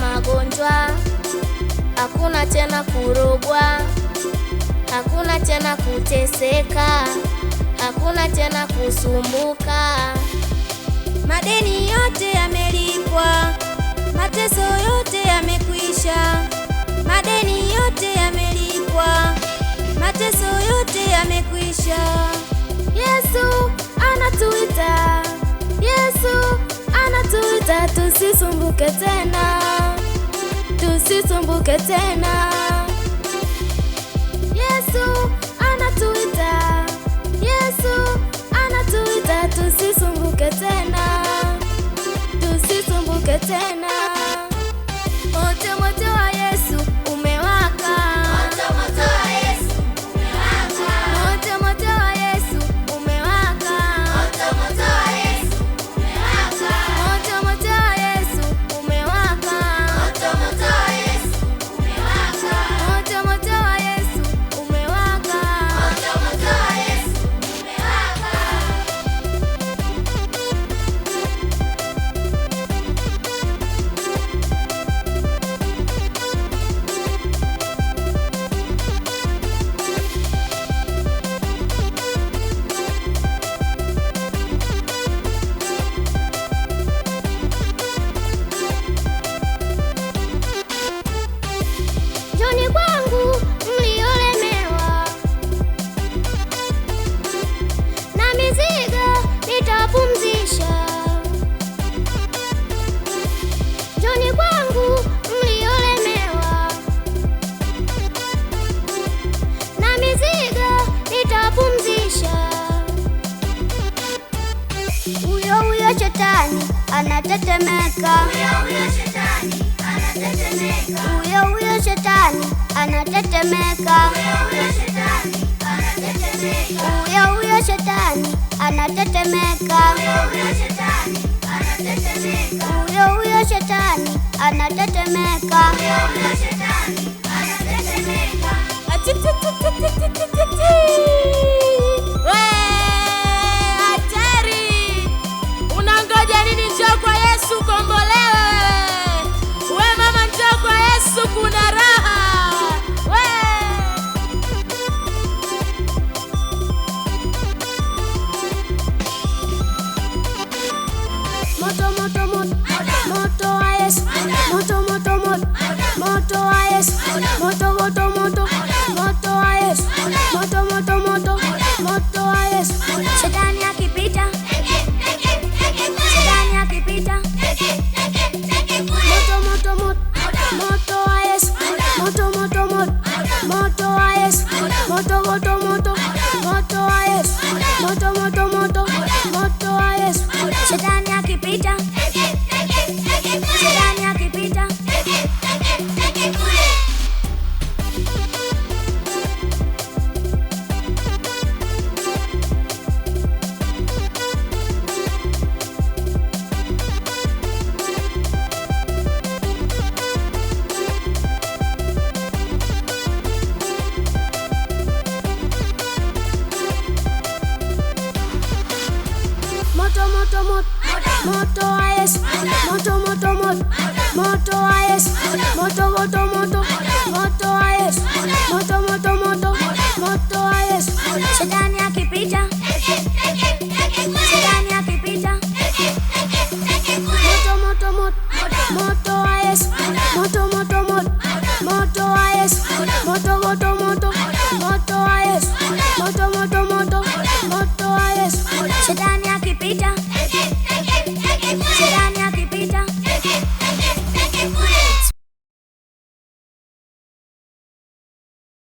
magonjwa, hakuna tena kurogwa, hakuna tena kuteseka, hakuna tena kusumbuka. Madeni yote yamelipwa, mateso yote yamekwisha. Madeni yote yamelipwa, mateso yote yamekwisha. Yesu anatuita, Yesu anatuita, tusisumbuke tena usisumbuke tena. Yesu anatuita. shitani anatetemeka, huyo huyo shetani anatetemeka, huyo huyo shetani anatetemeka, huyo huyo shetani anatetemeka. 我就打你。moto AS, moto moto moto, moto AS, moto moto moto, moto is. moto moto moto, moto AS. Sedania